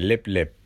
lépp lépp